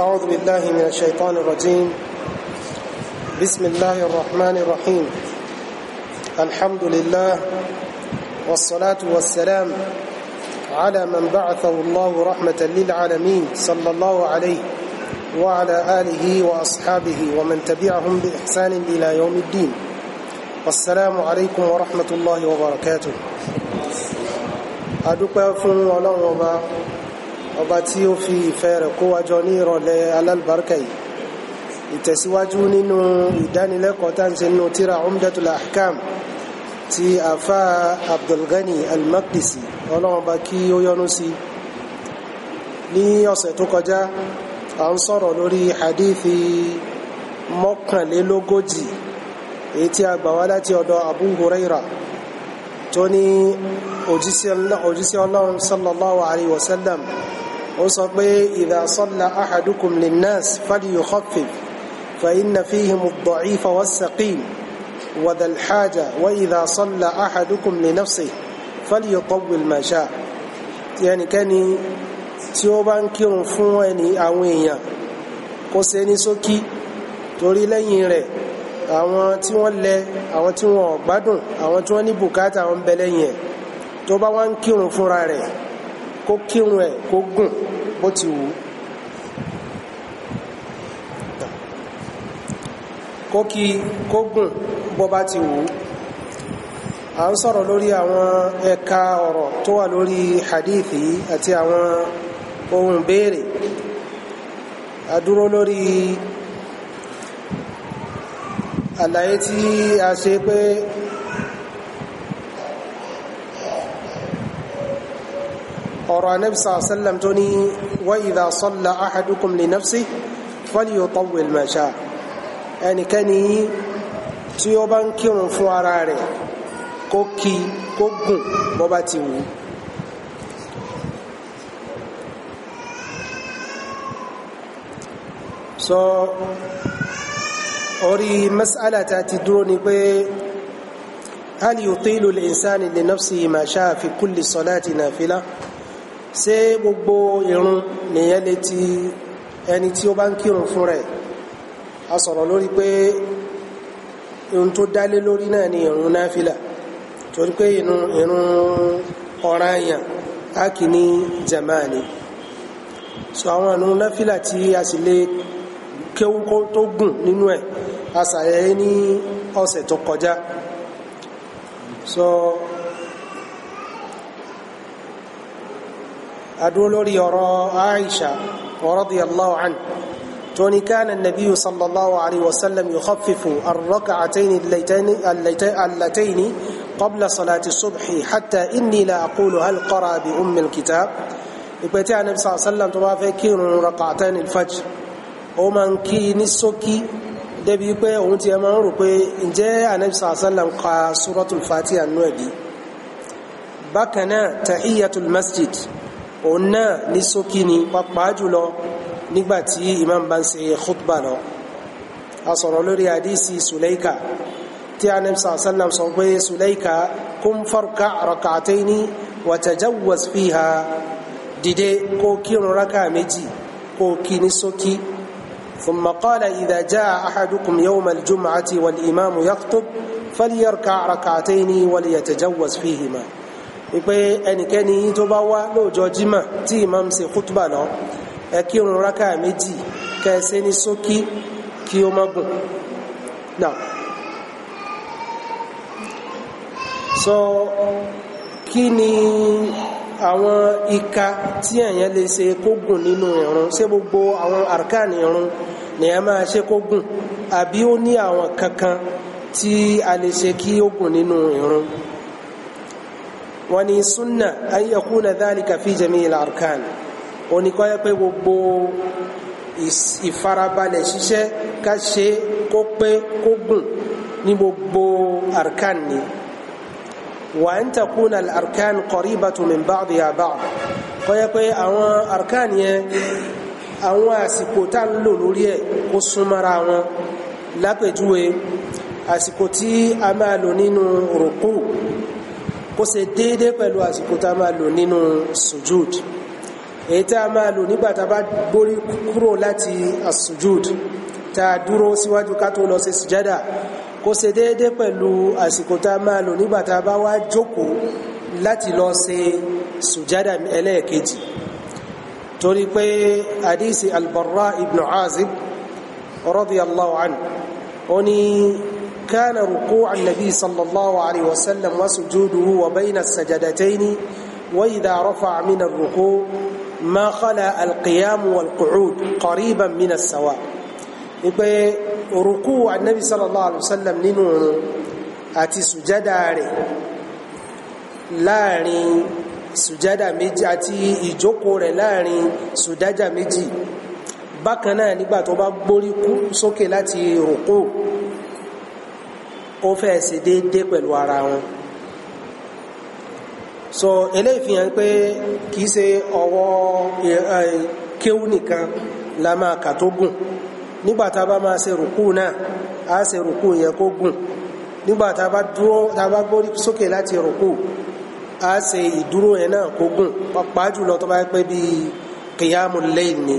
أعوذ بالله من الشيطان الرجيم بسم الله الرحمن الرحيم الحمد لله والصلاة والسلام على من بعثه الله رحمة للعالمين صلى الله عليه وعلى آله وأصحابه ومن تبعهم بإحسان إلى يوم الدين والسلام عليكم ورحمة الله وبركاته أدوك فن ولن وبركاته ọba tí ó fi ìfẹ́ rẹ̀ kó wájọ ní ìrọ̀lẹ́ alálùbáríkà yìí ìtẹ̀síwájú nínú ìdánilẹ́kọ̀ọ́ tá ń ṣe nínú tíra umdatul ahkam ti afa abdulgani almakdisi ọlọ́run bá kí ó yọ́nú sí ní ọ̀sẹ̀ tó kọjá à ń sọ̀rọ̀ lórí hadithi mọ́kànlélógójì èyí tí a gbà wá láti ọ̀dọ̀ abu huraira tó ní òjíṣẹ́ ọlọ́run sallallahu alayhi wa sallam ó sọ pé idha salla ahadukum linnas falyukhaffif fa inna fihim ad-da'ifa was-saqim wa dhal-haja wa idha salla ahadukum li nafsihi falyutawwil ma sha'a ẹnikẹ́ni tí ó bá ń kírun fún ẹni àwọn èèyàn kó ṣe ní ṣókí torí lẹ́yìn rẹ̀ àwọn tí wọ́n lẹ àwọn tí wọ́n gbádùn àwọn tí wọ́n ní bùkátà wọn bẹ lẹ́yìn ẹ̀ tó bá wá ń kírun fúnra rẹ̀ kó kírun ẹ̀ kó gùn bó ti wù kó kí kó gùn bó bá ti wù à ń sọ̀rọ̀ lórí àwọn ẹ̀ka ọ̀rọ̀ tó wà lórí hadithi àti àwọn ohun béèrè a dúró lórí àlàyé tí a ṣe pé ọ̀rọ̀ anẹ́bísà sẹ́lẹ̀m tó ní wa idha salla ahadukum li nafsihi falyutawwil ma sha ẹnikẹ́ni tí ó bá ń kírun fún ara rẹ̀ kó kí kó gùn bó bá ti wù so orí mas'ala ta ti dúró ni pé hal yutilu al-insani li nafsihi ma sha fi kulli salati ṣé gbogbo irun nìyẹn lè ti ẹni tí ó bá ń kírun fún rẹ̀ a sọ̀rọ̀ lórí pé irun tó dálé lórí náà ni irun náfìlà torí pé irun ọ̀ranyàn a kì ní jamani so àwọn irun náfìlà tí a sì lè kéwú tó gùn nínú ẹ̀ a ṣàyẹ̀ ní ọ̀sẹ̀ tó kọjá so adúró lórí ọ̀rọ̀ Aisha radiyallahu anha tóní kánà nàbí sallallahu alayhi wa sallam yukhaffifu ar-rak'atayni allatayni qabla salati subhi hatta inni la aqulu hal qara bi ummi al-kitab ìpè tí anabi sallallahu alayhi wa sallam tó bá fẹ́ kírun rak'atayni al-fajr ó máa ń kí ní ṣókí débi pé òun ti ẹ máa ń rò pé ǹjẹ́ anabi sallallahu alayhi wa sallam ka suratul fatiha nù ẹ̀bí bákan náà tahiyatul masjid òun náà ní ṣókí ni pàápàá jùlọ nígbàtí imam bá ń ṣe khutba lọ a sọ̀rọ̀ lórí hadisi sulaika tí a nẹ́bí sàásánlá sọ pé sulaika kún farka rak'ataini wa tajawwaz fiha dìde kó kírun raka méjì kó kí ní ṣókí ثم قال إذا جاء أحدكم يوم الجمعة والإمام يخطب فليركع ركعتين وليتجوز فيهما pé ẹnikẹ́ni tó bá wá lóòjọ́ jímà tí imam ṣe kútùbà lọ ẹ kírun rákà méjì kẹsẹ́ ní ṣókí kí ó má gùn náà so kí ni àwọn ìka tí èèyàn lè ṣe kó gùn nínú ìrun ṣé gbogbo àwọn àrkáàní ìrun ni a máa ṣe kó gùn àbí ó ní àwọn kankan tí a lè ṣe kí ó gùn nínú ìrun wọ́n ní súnà an yakuna dhalika fi jami'il arkan oníkọ́ yẹ pé gbogbo ìfarabalẹ̀ ṣiṣẹ́ ká ṣe kó pé kó gùn ní gbogbo arkan ni wa an takuna al-arkan qaribatu min ba'diha ba'd kọ́ yẹ pé àwọn arkan yẹn àwọn àsìkò tá ń lò lórí ẹ̀ kó súnmọ́ra wọn lápẹ̀júwe àsìkò a máa lò nínú rùkú kó ṣe déédé pẹ̀lú àsìkò tá a máa lò nínú sujud èyí tá a máa lò nígbà tá a bá gbórí kúrò láti asujud tá a dúró síwájú ká tó lọ sí sujada kó ṣe déédé pẹ̀lú àsìkò tá a máa lò nígbà tá a bá wá jókòó láti lọ ṣe sujada ẹlẹ́ẹ̀kejì torí pé hadisi albarra ibn azib radiyallahu anhu ó ní. كان ركوع النبي صلى الله عليه وسلم وسجوده وبين السجدتين وإذا رفع من الركوع ما خلا القيام والقعود قريبا من السواء يبقى ركوع النبي صلى الله عليه وسلم ننو أتي سجدا láàrin sùjádà méjì àti ìjókòó rẹ̀ láàrin sùjádà méjì bákan náà nígbà tó bá gbórí sókè láti ó fẹ́ ṣe déédé pẹ̀lú ara wọn so eléyìí fi hàn pé kìí ṣe ọwọ́ kéwú nìkan la máa kà tó gùn nígbà tá a bá máa ṣe rùkú náà a ṣe rùkú yẹn kó gùn nígbà tá a bá dúró tá a bá gbórí sókè láti rùkú a ṣe ìdúró yẹn náà kó gùn pàápàá jùlọ tó bá pẹ́ bíi qiyamul layl ni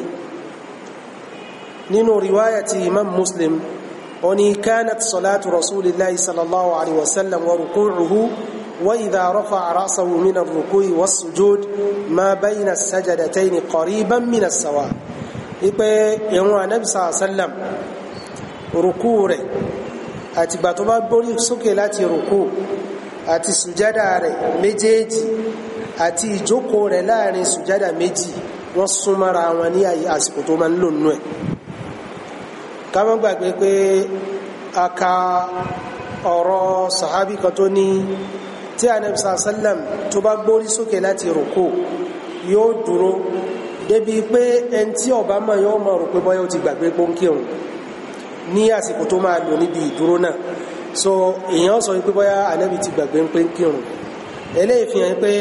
nínú riwaya imam muslim oni kanat salatu rasulillahi sallallahu alaihi wasallam wa ruku'uhu وإذا رفع رأسه من الركوع والسجود ما بين السجدتين قريبا من السواء ipe ìrun anabi sàlá sàlám rukú rẹ̀ àtìgbà tó bá gbórí sókè láti rukú àti sùjádà rẹ̀ méjèèjì àti ìjókòó rẹ̀ láàrin sùjádà méjì wọ́n súnmọ́ra wọn ní àsìkò tó máa ń lò nù ẹ̀ ká má gbàgbé pé a ka ọ̀rọ̀ sàhábì kan tó ní tí anabi sàlám tó bá gbórí sókè láti rùkú yóò dúró débi pé ẹni tí ọba mọ̀ yóò mọ̀ rò pé bọ́yá ti gbàgbé pọ́nkírun ní àsìkò tó máa lò níbi ìdúró náà so èèyàn sọ pé bọ́yá anabi ti gbàgbé pọ́nkírun eléyìí fi hàn pé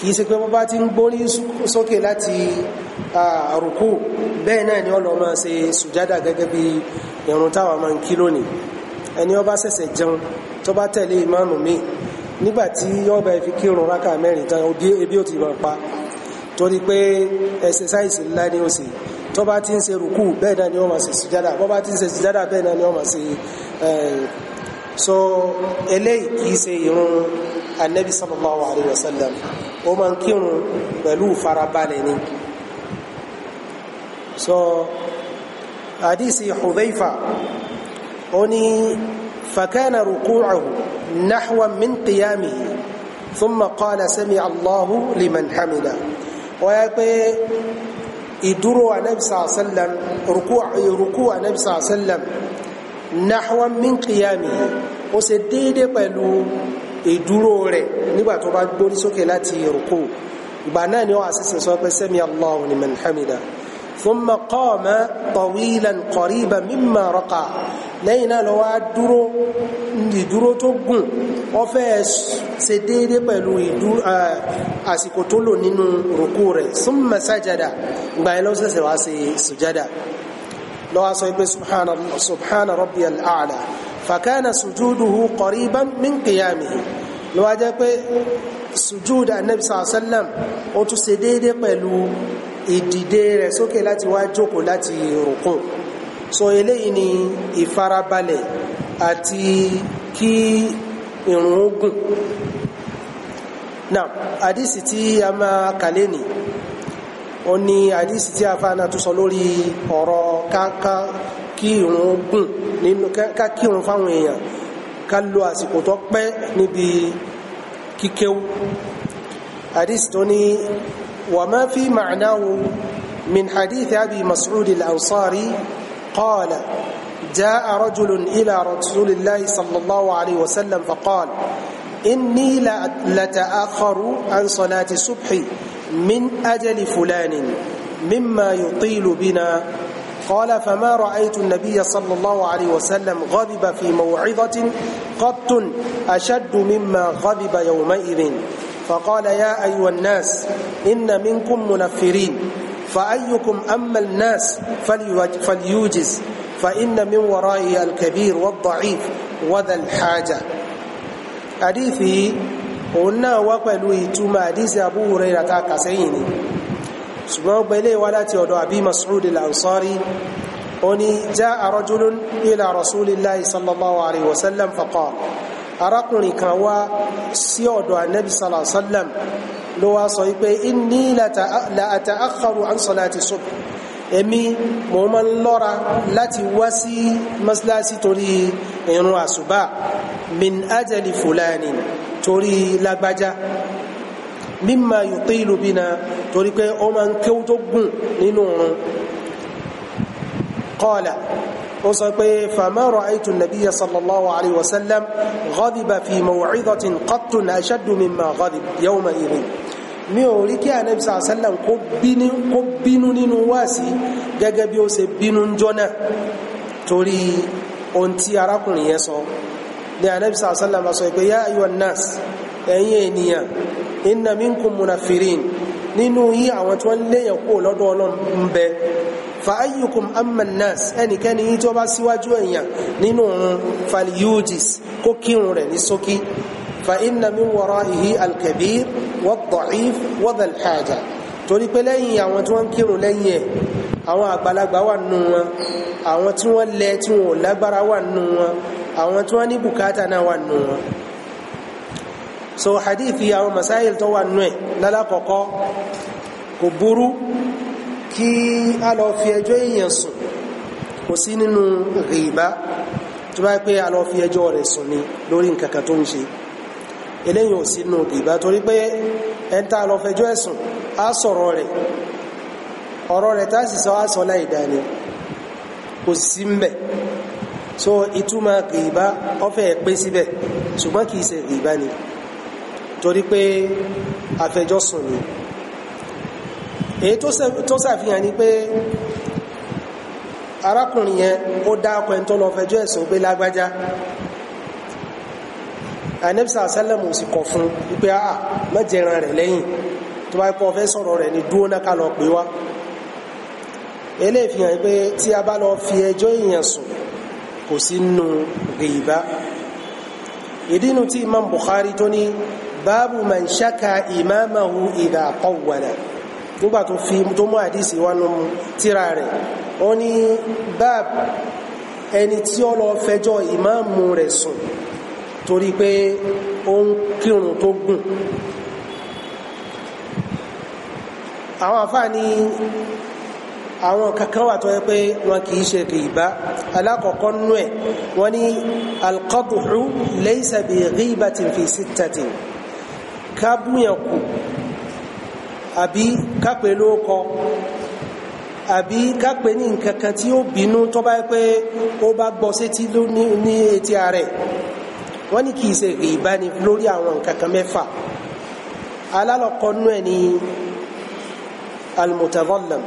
kìí ṣe pé wọ́n bá ti ń gbórí sókè láti àrùkù bẹ́ẹ̀ náà ni ọlọ́ máa ṣe sùjádà gẹ́gẹ́ bí ìrun táwa máa ń kí lónìí ẹni ó bá ṣẹ̀ṣẹ̀ jẹun tó bá tẹ̀lé ìmáàmù mi nígbàtí ọba fi kírun rákà mẹ́rin tán ebi ó ti máa pa torí pé ẹsẹsáìsì ńlá ni ó sì tó bá ti ń ṣe rùkù bẹ́ẹ̀ náà ni ó máa ṣe sùjádà bó bá ti ń ṣe sùjádà bẹ́ẹ̀ náà ni ó máa so eléyìí kìí ṣe ìrun anabi sallallahu alayhi wa sallam ó máa ń kírun pẹ̀lú farabalẹ̀ ni so hadisi Hudhayfa ó ní fakana ruku'uhu nahwa min qiyamihi thumma qala sami'a Allahu liman hamida wọ́n yá pé ìdúró anabisa sallam rukú anabisa sallam nahwa min qiyamihi ó ṣe déédé pẹ̀lú ìdúró rẹ̀ nígbà tó bá gbórí sókè láti rùkú ìgbà náà ni ó àṣìṣe sọ pé sẹ́mi Allahu liman hamida thumma qama tawilan qariban mimma raqa lẹ́yìn náà lọ wá dúró ìdúró tó gùn ó fẹ́ ṣe déédé pẹ̀lú àsìkò tó lò nínú rùkú rẹ̀ thumma sajada ìgbà yẹn ló ṣẹ̀ṣẹ̀ wá ṣe fàkánà sùjúdùhù qariban min qiyamihi ló wá jẹ́ pé sùjúdù anabi sàlám ó tún ṣe déédéé pẹ̀lú ìdìde rẹ̀ sókè láti wá jókòó láti rùkùn so eléyìí ni ìfarabalẹ̀ àti kí ìrùn ogun náà àdísì tí a máa kàlé ni ó ní àdísì tí a fa náà tún sọ lórí ọ̀rọ̀ kankan kí irun gùn nínú ká kí irun fáwọn èèyàn ká lo àsìkò tó pẹ́ níbi kíkéwú hadith tó ní wà má fi ma'nahu min hadith abi mas'ud al-ansari qala جاء رجل إلى رسول الله صلى الله عليه وسلم فقال إني لتأخر عن صلاة الصبح من أجل فلان مما يطيل بنا قال فما رأيت النبي صلى الله عليه وسلم غضب في موعظة قط أشد مما غضب يومئذ فقال يا أيها الناس إن منكم منفرين فأيكم أما الناس فليوجز فإن من ورائي الكبير والضعيف وذا الحاجة حديثي قلنا وقلوا يتوما حديث أبو هريرة كسيني ṣùgbọ́n gbẹ̀lẹ̀ wá láti ọ̀dọ̀ àbí Mas'ud al-Ansari ó ní ja'a rajulun ila rasulillahi sallallahu alaihi wasallam faqala arákùnrin kan wá sí ọ̀dọ̀ anabi sallallahu alaihi wasallam ló wá sọ wípé inni la ata'akhkharu an salati subh èmi mo máa ń lọ́ra láti wá sí mọ́síláṣí torí ìrun àṣùbà min ajali fulani torí lágbájá mímà yutilu bina torí pé ó máa ń kéwú tó gùn nínú òun qala ó sọ pé fama ra'aytu nabiyya sallallahu alayhi wa sallam ghadiba fi maw'izatin qattun ashaddu mimma ghadiba yawma idhin mi ò rí kí anabi sàlá sàlám kó bínú nínú wáàsí gẹ́gẹ́ bí ó ṣe bínú jọ́nà torí ohun tí arákùnrin yẹn sọ ní anabi sàlá sọ pé yá ayyuhan nas ẹ̀yin ènìyàn inna minkum munafirin nínú yí àwọn tí wọ́n léyàn kó lọ́dọ̀ ọlọ́run bẹ fa ayyukum amman nas ẹnikẹ́ni yí tí ó bá síwájú èèyàn nínú òun falyujis kó kírun rẹ̀ ní ṣókí fa inna min waraihi alkabir wad-da'if wadhal-haja torí pé lẹ́yìn àwọn tí wọ́n ń kírun lẹ́yìn ẹ̀ àwọn àgbàlagbà wà nù wọn àwọn tí wọ́n lẹ tí wọn ò lágbára wà nù wọn àwọn tí wọ́n ní bùkátà náà so hadithi àwọn masáyìl tó wà nù ẹ̀ lálàkọ̀ọ́kọ́ kò burú kí a lọ fi ẹjọ́ èèyàn sùn kò sí nínú rìbá tó bá pé a lọ fi ẹjọ́ rẹ̀ sùn ni lórí nǹkankan tó ń ṣe eléyìí ò sí nínú rìbá torí pé ẹni tá a lọ fẹjọ́ ẹ̀sùn á sọ̀rọ̀ rẹ̀ ọ̀rọ̀ rẹ̀ tá a sì sọ á sọ láì dání so ìtumọ̀ rìbá ó fẹ́ pé síbẹ̀ ṣùgbọ́n kì í ṣe ni torí pé afẹjọ́sùn ni èyí tó ṣàfihàn ni pé arákùnrin yẹn ó dá ọkọ̀ ẹni tó lọ fẹjọ́ ẹ̀sùn pé lágbájá anẹ́bísà sẹ́lẹ̀mù sì kọ̀ fún wípé àà ah, mẹ́jẹran rẹ̀ lẹ́yìn tó bá pọ̀ fẹ́ sọ̀rọ̀ rẹ̀ ni dúó náà ká lọ pè wá eléyìí fi pé tí a bá lọ fi ẹjọ́ èèyàn sùn kò sí nù gèèbá ìdínú tí Imam Bukhari tó ní báàbù man ṣáka ìmáàmàhù ìdá kọ̀wàlà nígbà tó fi tó mú àdìsí wọnú tíra rẹ̀ ó ní báàbù ẹni tí ó lọ fẹjọ́ ìmáàmù rẹ̀ sùn torí pé ó ń kírun tó gùn àwọn àfáà ní àwọn kankan wà tó yẹ pé wọn kì í ṣe rìbá alákọ̀ọ́kọ́ nú ẹ̀ wọ́n ní alqadhu laysa bi ghibatin fi sittatin ká búyàn kù àbí ká pè lóókọ àbí ká pè ní nǹkan kan tí ó bínú tó bá yẹ ó bá gbọ́ sétí ní etí ààrẹ wọ́n ní kì ṣe ìbá ni lórí àwọn nǹkan kan mẹ́fà alálọ́kọ́nú ẹ̀ ní almutavolam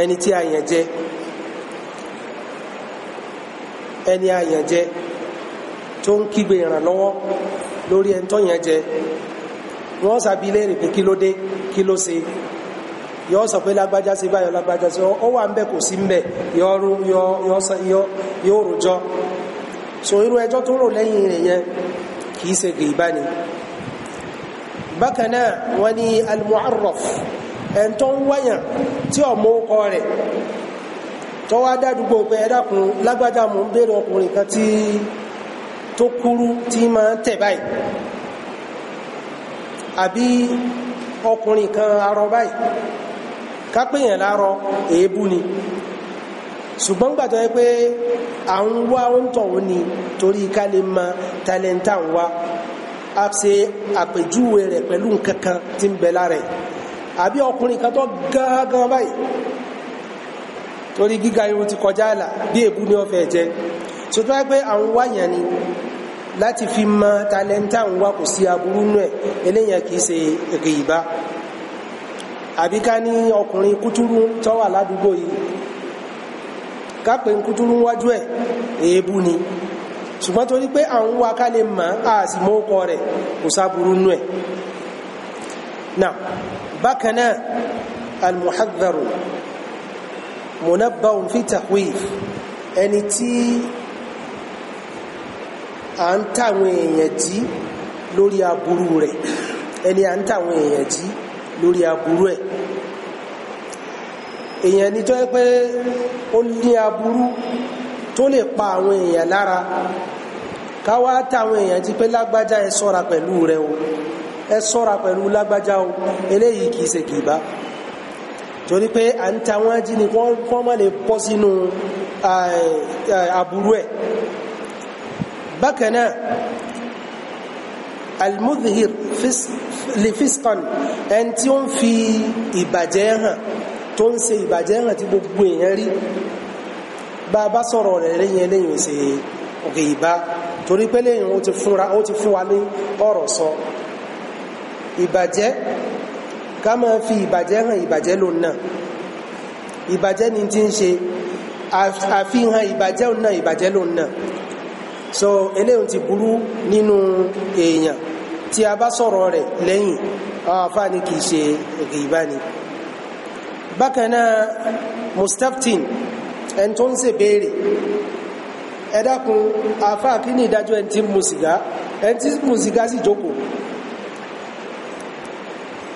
ẹni tí a yàn jẹ ẹni a tó ń kígbe ìrànlọ́wọ́ lórí ẹni tó yẹn jẹ wọ́n sàbí léèrè pé kí ló dé kí ló ṣe yọ sọ pé lágbájá sí báyọ̀ lágbájá sí ọ wà ń bẹ kò sí ń bẹ yóò rojọ́ so irú ẹjọ́ tó rò lẹ́yìn rẹ̀ yẹn kìí ṣe gìbá ni bákan náà wọ́n ní almuharraf ẹn tó ń wáyàn tí ọmọ ọkọ rẹ̀ tó wá pé ẹ lágbájá mò ń béèrè ọkùnrin kan tí tó kúrú tí máa ń tẹ̀ báyìí àbí ọkùnrin kan arọ báyìí kápẹ́yàn lárọ èébú ni ṣùgbọ́n gbàtọ́ yẹ pé à ń wá oúntọ̀ òun ni torí ká lè mọ tálẹ́ntà ń wá a ṣe àpèjúwe rẹ̀ pẹ̀lú nǹkan kan tí ń bẹ lára àbí ọkùnrin kan tó gángan báyìí torí gíga irun ti kọjá àlà bí èébú ni ó fẹ́ jẹ́ tó tó pé àwọn wáyàn ni láti fi mọ talẹ́ntà ń wá kò sí aburú nù ẹ̀ eléyàn kìí ṣe rìbá àbí ká ní ọkùnrin kútúrú tó wà ládùúgbò yìí ká kútúrú wájú ẹ̀ èébú ni ṣùgbọ́n torí pé àwọn wa ká lè mọ̀ á mọ́ ọkọ rẹ̀ kò sáburú nù ẹ̀ náà bákan náà almuhadharu munabbahun fi takwif ẹni tí à ń tàwọn èèyàn jí lórí aburú rẹ̀ ẹni à ń tàwọn èèyàn jí lórí aburú ẹ̀ èèyàn ni tó yẹ pé ó ní aburú tó lè pa àwọn èèyàn lára káwá tàwọn èèyàn jí pé lágbájá ẹ ṣọ́ra pẹ̀lú rẹ̀ o ẹ ṣọ́ra pẹ̀lú lágbájá o eléyìí kìí ṣe kìí bá torí pé à ń ta wọn ni kọ́ mọ́ lè bọ́ sínú aburú ẹ̀ bákan náà almudhir lifistan ẹni tí ó ń fi ìbàjẹ́ hàn tó ń ṣe ìbàjẹ́ hàn tí gbogbo èèyàn rí bá a bá sọ̀rọ̀ rẹ̀ lẹ́yìn eléyìn ò ṣe òkè ìbá torí pé lẹ́yìn ó ti fún wa ní ọ̀rọ̀ sọ ìbàjẹ́ ká máa fi ìbàjẹ́ hàn ìbàjẹ́ ló náà ìbàjẹ́ ni ti ń ṣe àfihàn ìbàjẹ́ òun náà ìbàjẹ́ ló náà so eléyìí ti burú nínú èèyàn tí a bá sọ̀rọ̀ rẹ̀ lẹ́yìn àwọn àfáàní kìí ṣe gìbá ni bákan náà mustaftin ẹni tó ń ṣe béèrè ẹ dákun àfáà ni ìdájọ́ ẹni tí mu sìgá ẹni tí mu sìgá sì jókòó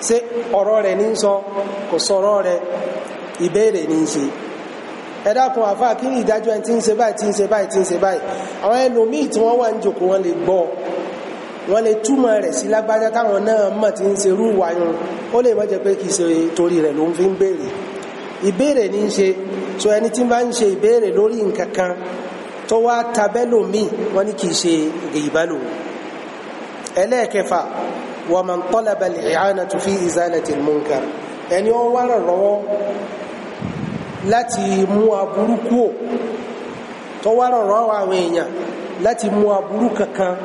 ṣé ọ̀rọ̀ rẹ̀ ní sọ kò sọ̀rọ̀ rẹ̀ ìbéèrè ní í ṣe. ẹ dákun àfáà kí ni ìdájọ́ ẹni tí ń ṣe báyìí tí ń ṣe báyìí tí ń ṣe báyìí àwọn ẹlòmíì tí wọ́n wà ń jòkó wọn lè gbọ́ wọn lè túmọ̀ rẹ̀ sí lágbájá táwọn náà mọ̀ tí ń ṣerú wáyún ó lè má jẹ́ pé kì í ṣe torí rẹ̀ ló ń fi ń béèrè ìbéèrè ní í ṣe so ẹni tí bá ń ṣe ìbéèrè lórí nǹkan kan tó wá tabẹ́lòmíì kì í ṣe ìbálò ẹlẹ́ẹ̀kẹfà fi izalati al-munkar ẹni wá lọ́wọ́ láti mú aburú kúò tó wá rọ̀rọ̀ àwọn èèyàn láti mú aburú kankan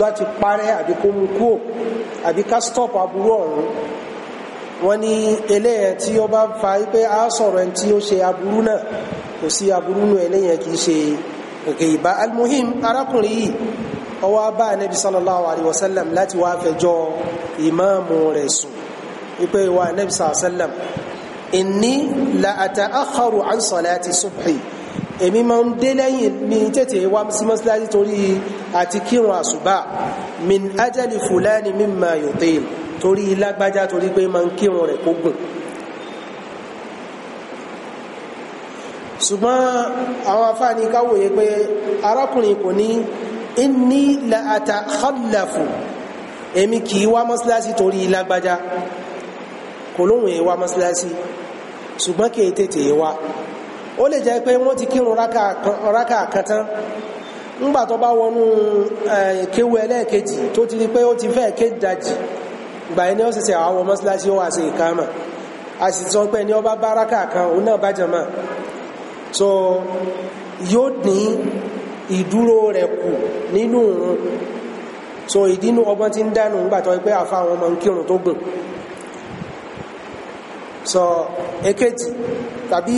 láti parẹ́ àbí kó mú kúò àbí ká stop aburú ọ̀hún wọ́n ní eléyẹn tí ó bá fa pé a sọ̀rọ̀ ẹni tí ó ṣe aburú náà kò sí aburú nù eléyẹn kì í ṣe ghiba almuhim arákùnrin yìí ọwọ́ bá anabi sallallahu alayhi wa sallam láti wá fẹjọ́ ìmáàmù rẹ̀ sùn wípé ìwà anabi sallallahu alayhi wa sallam inni la ata'akharu an salati subhi èmi máa ń dé lẹ́yìn mi tètè wá sí mọ́sálásí torí àti kírun àsùbá min ajali fulani mimma yutil torí lágbájá torí pé máa ń kírun rẹ̀ kó gùn ṣùgbọ́n àwọn afáàní káwòye pé arákùnrin kò ní inni la ata'khallafu èmi kì í wá mọ́sálásí torí lágbájá kò lóhùn èèwà mọ́sálásí ṣùgbọ́n kì í tètè ó lè jẹ́ pé wọ́n ti kírun kan tán ńgbà tó bá wọnú kéwu ẹlẹ́ẹ̀kejì tó ti rí pé ó ti fẹ́ kéjìdájì gbà ẹni ó ṣẹ̀ṣẹ̀ àwọn mọ́sálásí ó wà sí ìkámà a pé kan òun náà bá so yóò ní ìdúró rẹ̀ kù nínú òun so ìdínú ọgbọ́n ti ń ńgbà tó pé àfa àwọn so èkejì tàbí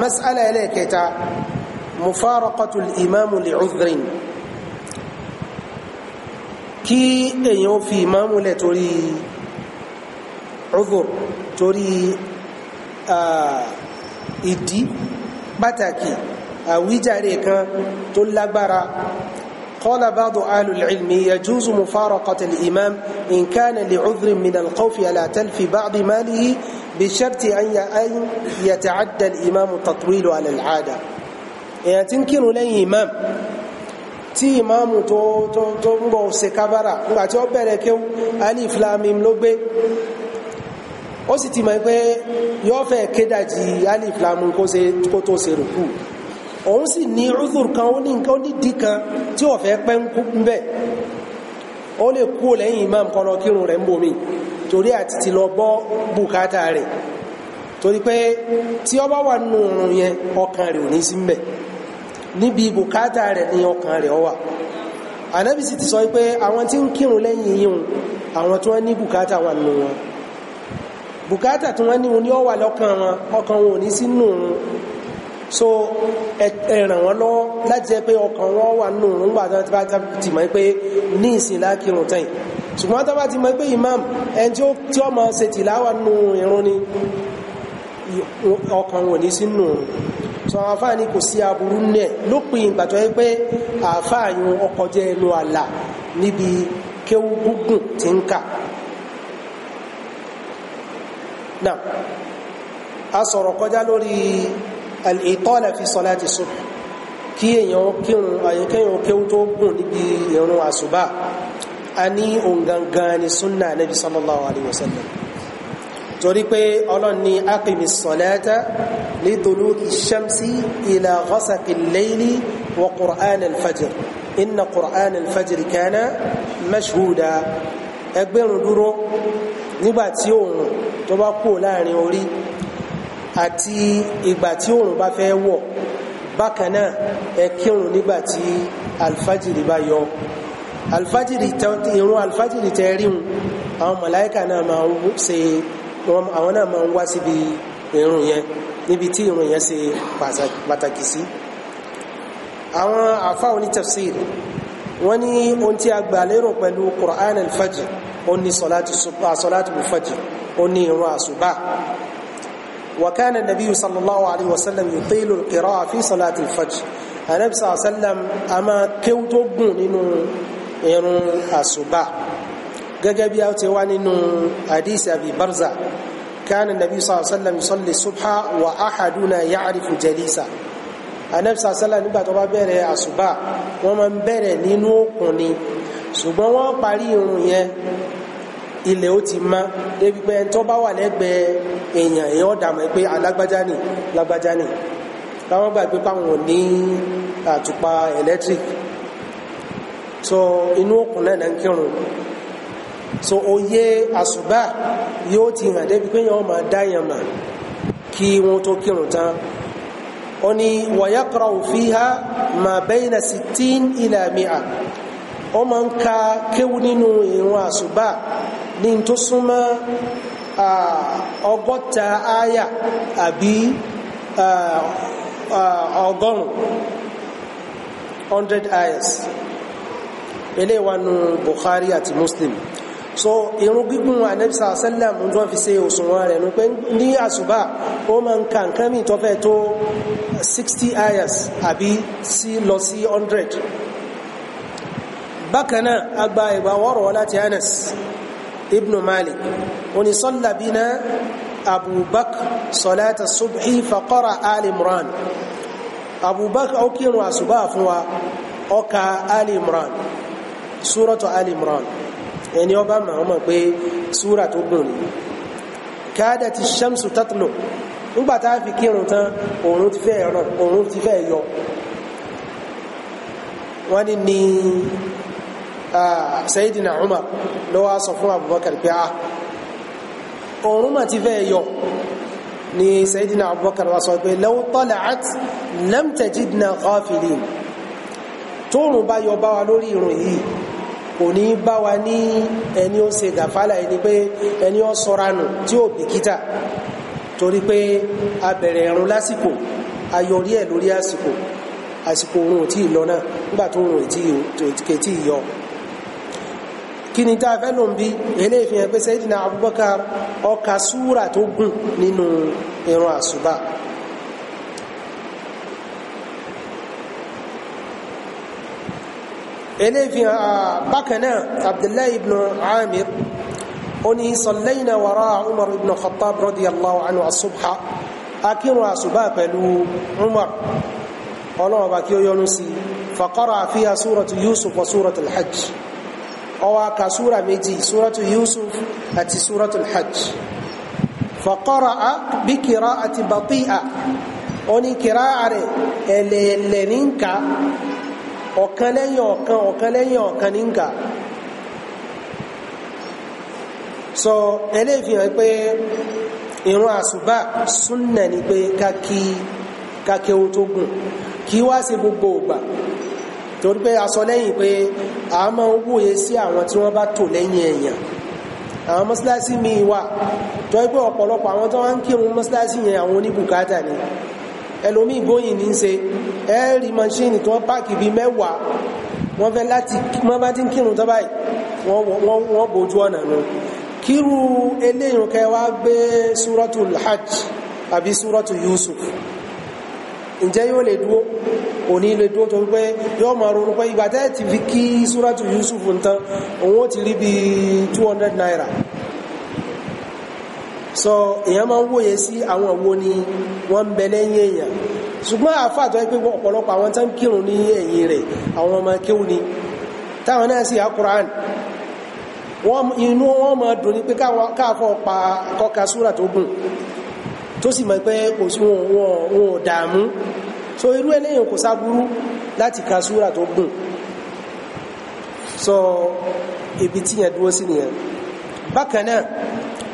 mas'ala ẹlẹ́ẹ̀kẹta mufaraqatul imamu li udhrin kí èyàn ó fi imamu lẹ̀ torí udhur torí ìdí pàtàkì àwíjàre kan tó lágbára قال بعض أهل العلم يجوز مفارقة الإمام إن كان لعذر من القوف على تلف بعض ماله بشرط أن يتعدى الإمام التطويل على العادة يعني تمكن لي إمام tí ìmáàmù tó tó tó ń bọ̀ ṣe kábára nígbà tí ó bẹ̀rẹ̀ kéwú alif lamim ló gbé ó sì ti mọ̀ pé yọ́ fẹ́ kédàjì alif lamim kó tó ṣe rùkú òun sì ní udhur kan ó ní nǹkan ó ní dì kan tí ó fẹ́ pẹ́ ń bẹ̀ ó lè kú lẹ́yìn imam kan lọ kírun rẹ̀ ń bomi torí àti ti lọ bọ́ bùkátà rẹ̀ torí pé tí ó bá wà nù òrùn yẹn ọkàn rẹ̀ ò ní sí ń bẹ̀ níbi bùkátà rẹ̀ ni ọkàn rẹ̀ ó wà ànábì sì ti sọ pé àwọn tí ń kírun lẹ́yìn yíhun àwọn tí wọ́n ní bùkátà wà nù wọn bùkátà tí wọ́n ní wọn ni ó wà lọ́kàn wọn ọkàn wọn ò ní sí nù òrùn so ẹ ràn wọ́n lọ́wọ́ láti jẹ́ pé ọkàn wọn wà nù nígbà tí wọ́n ti mọ̀ pé ní ìsìn lákìrùn tẹ̀yìn ṣùgbọ́n tí wọ́n ti mọ̀ pé imam ẹni tí ó máa ṣe tìláwà nù irun ni ọkàn wọn ní sínú sọ àfáà ní kò sí aburú ní ẹ̀ lópin ìgbà tó yẹ pé àfáà yun ọkọ̀ jẹ́ ẹnu àlà níbi kéwú gúngùn tí ń kà a sọ̀rọ̀ kọjá lórí al-itala fi salati subh kí èèyàn kírun àyíkéyàn kéwú tó gùn níbi ìrun àṣùbà a ní òǹgangan ni súnà nabi sallallahu alayhi wa sallam torí pé ọlọ́run ní aqimi salata li duluki shamsi ila ghasaqi al-layli wa qur'an al-fajr inna qur'an al-fajr kana mashhuda ẹgbẹ́rún dúró nígbà tí òun tó bá kú láàrin orí àti ìgbà tí òòrùn bá fẹ́ wọ̀ bákan náà ẹ kírun nígbà tí alfajiri bá yọ alfajiri irun alfajiri tẹ ríhun àwọn màláíkà náà máa ń ṣe àwọn náà máa ń wá síbi irun yẹn níbi tí irun yẹn ṣe pàtàkì sí àwọn àfa onítafsir wọ́n ní ohun tí a gbà lérò pẹ̀lú Qur'an alfajir ó ní sọlátù bufajir ó ní irun àsùbá وكان النبي صلى الله عليه وسلم يطيل القراءة في صلاة الفجر النبي صلى الله عليه وسلم أما كوتوبون إنه ينو أسبا gẹ́gẹ́ bí a ti wá nínú hadisi كان النبي صلى الله عليه وسلم يصلي الصبح وأحدنا يعرف جليسه anabi sasala nígbà tó bá bẹ̀rẹ̀ àsùbà wọ́n máa ń bẹ̀rẹ̀ nínú òkun ni ṣùgbọ́n wọ́n parí ilẹ̀ ó ti má débi pé ẹni tó bá wà lẹ́gbẹ̀ẹ́ èèyàn èèyàn ọ̀dàmọ̀ pé alágbájá ni lágbájá ni táwọn gbà pé páwọn ò ní àtùpà electric so inú òkun náà náà kírun so oyé àsùbá yóò ti hàn débi pé èèyàn máa dá èèyàn mà kí wọ́n tó kírun tán ó ní wàyákọ̀rọ̀ fiha ma bayna sittin ila mi'a ó máa ń ka kéwu nínú ìrun àsùbá ní tó súnmọ́ ọgọ́ta áyà àbí ọgọ́rùn 100 ayas eléyìí wà nínú Bukhari àti Muslim so irun gígùn anẹ́bísà sẹ́lẹ̀m tó fi ṣe òṣùwọ̀n rẹ̀ ní pé ní àṣùbà ó ma ń ka nǹkan mìí tó fẹ́ tó 60 ayas àbí sí lọ sí 100 bákan agba ìgbà láti Anas ibn malik oní sọ́lá bíná abubakar sọ́láta subhi faqara alimran abubakar ó kírun àṣùbá fún wa ó ka alimran súrọ́tù alimran ẹni ọba ma ọmọ pé súra tó gùn ni káàdà ti ṣamsu tatlu nígbàtá fi kírun tán òun ti fẹ́ ràn òun ti fẹ́ yọ wọ́n ni ni Ah, Sayyidina Umar ló wá sọ fún Abubakar pé a ah, oòrùn mà ti fẹ́ yọ ni Sayyidina Abubakar wá sọ pé law tala'at lam tajidna ghafilin tóòrùn bá yọ bá wa lórí irun yìí kò ní bá wa ní ẹni ó ṣe gàfálà ẹni pé ẹni ó sọra nù tí ó bìkítà torí pé a bẹ̀rẹ̀ ẹ̀rùn lásìkò a yọrí ẹ̀ lórí àsìkò àsìkò òun ò tí ì lọ náà nígbà tó òun ò tí kí ni tá a fẹ́ lò ń bi eléyìí fi hàn pé Sayyidina Abubakar ó ka súrà tó gùn nínú irun àsùbà. eléyìí fi hàn bákan náà Abdullahi ibn Amir ó ní sallayna wara Umar ibn Khattab radiyallahu anhu asubha akínú àsùbà pẹ̀lú Umar ọlọ́wọ́ kí ó yọnu sí faqara fiha suratu Yusuf wa suratu al-Hajj ọwọ́ aka súra méjì súratu Yusuf àti súratu hajj fọ̀kọ́ra a bí kìrá àti bàtí a ó ní kìrá rẹ̀ ẹ̀lẹ̀ẹ̀lẹ̀ ní nka ọ̀kan lẹ́yìn ọ̀kan ọ̀kan lẹ́yìn ọ̀kan ní so eléyìí fi pé ìrun àsùbá súnnà ni pé kákí kákí ohun tó gùn kí wá sí gbogbo ògbà torí pé aṣọ lẹ́yìn pé a máa ń wòye sí àwọn tí wọ́n bá tò lẹ́yìn èèyàn àwọn mọ́sálásí míì wà tó ẹgbẹ́ ọ̀pọ̀lọpọ̀ àwọn tó wá ń kírun mọ́sálásí yẹn àwọn oníbùkátà ni ẹlòmíì gbóyìn ní í ṣe ẹ́ẹ̀rì mọ́ṣíìnì tó páàkì bíi mẹ́wàá wọ́n fẹ́ láti wọ́n bá ti ń kírun tó báyìí wọ́n bójú ọ̀nà nu kírun eléyìí kẹ́ wá gbé súrọ́tù hajj àbí súrọ́tù Yusuf ǹjẹ́ yóò lè dúó òní lè dúó torí pé yóò máa ronú pé ìgbà tẹ́ ti fi kí súrátù Yusuf ń tán òun ó ti rí bí 200 naira so èèyàn máa ń wòye sí àwọn wo ni wọ́n ń bẹ lẹ́yìn èèyàn ṣùgbọ́n àfàtọ́ pé ọ̀pọ̀lọpọ̀ àwọn tán kírun ní ẹ̀yìn rẹ̀ àwọn ọmọ kéwù ni táwọn náà sì akuran inú wọn máa dùn ní pé káàfọ́ pa kọ́ka súrà tó gùn tó sì mọ̀ pé kò sí wọn ò dààmú so irú ẹlẹ́yìn kò sáburú láti ka súra tó gùn so ibi tí yẹn dúró sí nìyẹn bákan náà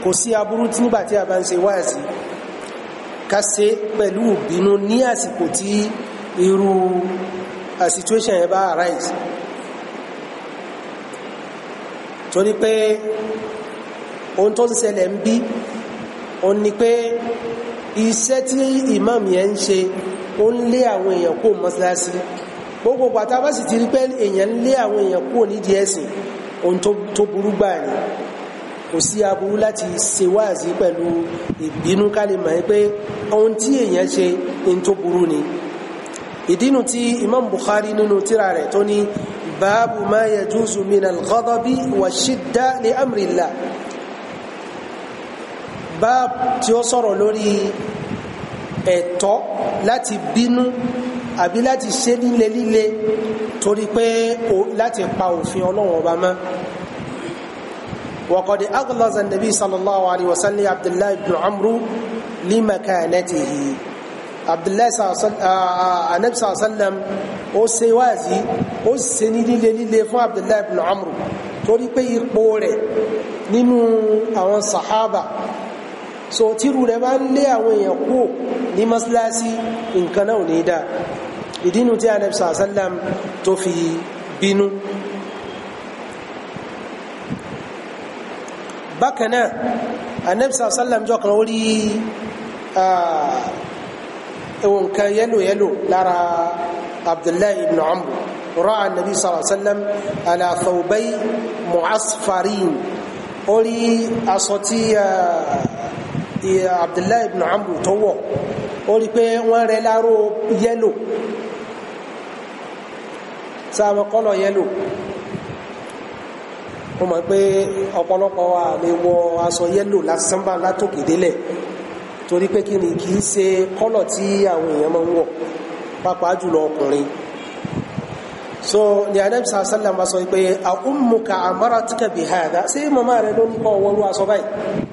kò sí aburú tí nígbà tí a bá ń ṣe wáàsí ká ṣe pẹ̀lú ìbínú ní àsìkò tí irú a situation yẹn bá arise torí pé ohun tó ń ṣẹlẹ̀ ń bí ó ní pé iṣẹ́ tí imam yẹn ń ṣe ó ń lé àwọn èèyàn kó mọ́sálásí gbogbo pàtà bá sì ti rí pé èèyàn ń lé àwọn èèyàn kó nídìí ẹ̀sìn ohun tó burú gbà ní kò sí aburú láti ṣe wáàzí pẹ̀lú ìbínú kálí mọ̀ pé ohun tí èèyàn ṣe ohun tó burú ni ìdínú tí imam Bukhari nínú tírà rẹ̀ tó ní báàbù ma yajuzu min al-ghadabi wa shidda li amrillah báàb tí ó sọ̀rọ̀ lórí ẹ̀tọ́ láti bínú àbí láti ṣe líle líle torí pé láti pa òfin ọlọ́run ọba mọ́ وقد أغلظ النبي صلى الله عليه وسلم عبد الله بن عمرو لمكانته عبد الله صلى الله عليه وسلم ó ṣe wáàsí ó ṣe ní líle líle fún عبد الله بن عمرو torí pé ipò rẹ̀ nínú àwọn sàhábà so tíru rẹ̀ bá ń lé àwọn èèyàn kú ní mọ́síláṣí nǹkan náà ò ní dáa ìdínú tí anabi sàásálàm tó fi bínú bákan náà anabi sàásálàm jọ kan orí ẹwọ nǹkan yẹ́lò yẹ́lò lára abdullahi ibn amr ra'a anabi sàásálàm ala thawbay mu'asfarin orí asọtí uh, abdullahi ibn amru tó wọ̀ ó rí pé wọ́n rẹ láró yẹ́lò sáàmù kọ́lọ̀ yẹ́lò ó mọ̀ pé ọ̀pọ̀lọpọ̀ wa lè wọ aṣọ yẹ́lò lásán bá torí pé kí ni kì í ṣe tí àwọn èèyàn máa ń wọ̀ pàápàá jùlọ ọkùnrin so a rẹ ló kọ́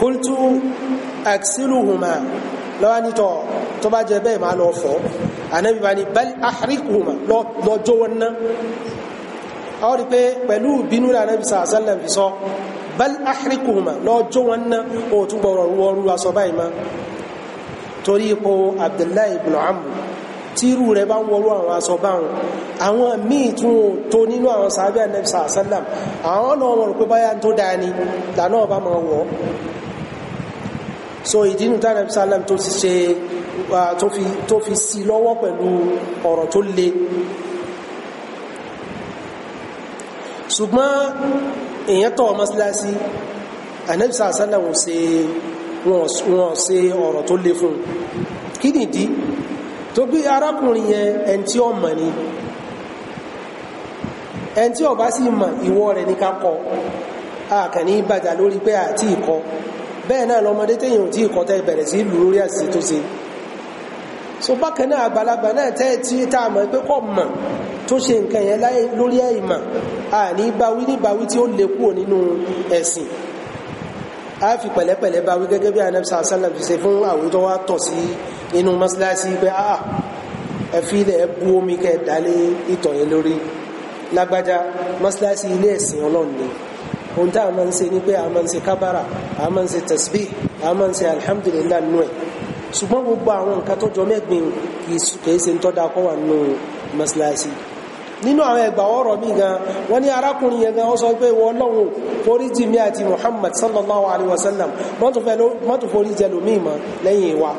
kúltù àksílùhùmá lọ́wọ́ nítọ̀ tó bá jẹ bẹ́ẹ̀ máa lọ fọ́ ànábì bá ní bẹ́ẹ̀ àríkùhùmá lọ́jọ́ wọn ná àwọn rí pé pẹ̀lú ìbínú ànábì sàásẹ́lẹ̀ fi sọ bẹ́ẹ̀ àríkùhùmá lọ́jọ́ wọn ná ó túbọ̀ wọ́n rú aṣọ báyìí má torí ipò Abdullahi ibn Amr tírú rẹ̀ bá ń wọrú àwọn aṣọ báwọn àwọn míì tún ò tó nínú àwọn sàábẹ́ ànábì sàásẹ́lẹ̀ àwọn náà wọ́n rò pé báyà tó dáa ni ọba máa wọ̀ ọ́ so ìdínú tánà sálàm tó ti ṣe uh, tó fi sí lọ́wọ́ pẹ̀lú ọ̀rọ̀ tó le ṣùgbọ́n èèyàn tọ̀ mọ́síláṣí ànẹ́bìsà sálàm ò ṣe wọn ṣe ọ̀rọ̀ tó le fún kí nìdí tó gbé arákùnrin yẹn ẹni tí ó mọ̀ ni ẹni tí ó bá sì mọ̀ ìwọ rẹ̀ ní ká kọ àkànní lórí pé àti ìkọ bẹ́ẹ̀ náà lọmọdé téèyàn tí ìkọtẹ́ bẹ̀rẹ̀ sí lù lórí àṣìṣe tó ṣe so bákan náà àgbàlagbà náà tẹ́ tí tá a mọ̀ pé kọ́ mọ̀ tó ṣe nǹkan yẹn láyé lórí àìmọ̀ àní báwí ní báwí tí ó lè kúrò nínú ẹ̀sìn a fi pẹ̀lẹ́pẹ̀lẹ́ báwí gẹ́gẹ́ bí anamsa asalam ti ṣe fún àwùjọ wa tọ̀ sí inú mọ́ṣáláṣí pé a ẹ fi ilẹ̀ ẹ bu omi kẹ́ ìtọ̀ yẹn lórí lágbájá mọ́ṣáláṣí ilé ẹ̀sìn ọlọ́run ni ohun tá a máa ń ṣe ni pé a máa ń ṣe kábàrà a máa ń ṣe tasbih a máa ń ṣe alhamdulillah nù ẹ̀ ṣùgbọ́n gbogbo àwọn nǹkan tó jọ mẹ́gbin kìí ṣe ń tọ́da kọ́ wà nínú mọ́ṣáláṣí nínú àwọn ẹgbà ọ̀rọ̀ mi gan wọ́n ní arákùnrin yẹn gan ó sọ pé wọ́n lọ́wọ́ foríjì mi àti Muhammad sallallahu alaihi wasallam mọ́tò foríjì ẹlòmíì mọ́ lẹ́yìn wa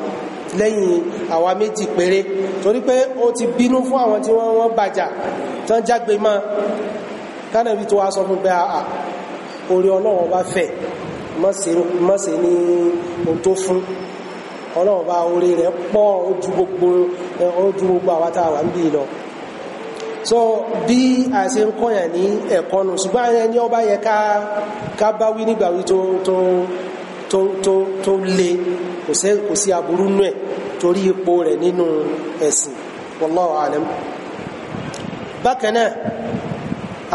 lẹ́yìn àwa méjì péré torí pé ó ti bínú fún àwọn tí wọ́n wọ́n bàjá tán jágbe mọ́ kánàbí tó wá sọ fún pé àà orí ọlọ́run bá fẹ̀ má ní ohun tó fún ọlọ́run bá orí rẹ̀ pọ́ ojú gbogbo ojú gbogbo àwa wà ń bí lọ so bí a ṣe ń ní ẹ̀kọ́ nù ṣùgbọ́n ẹni ọba yẹ ká ká bá wí nígbà wí tó tó tó tó le kò kò sí aburú nù ẹ̀ torí ipò rẹ̀ nínú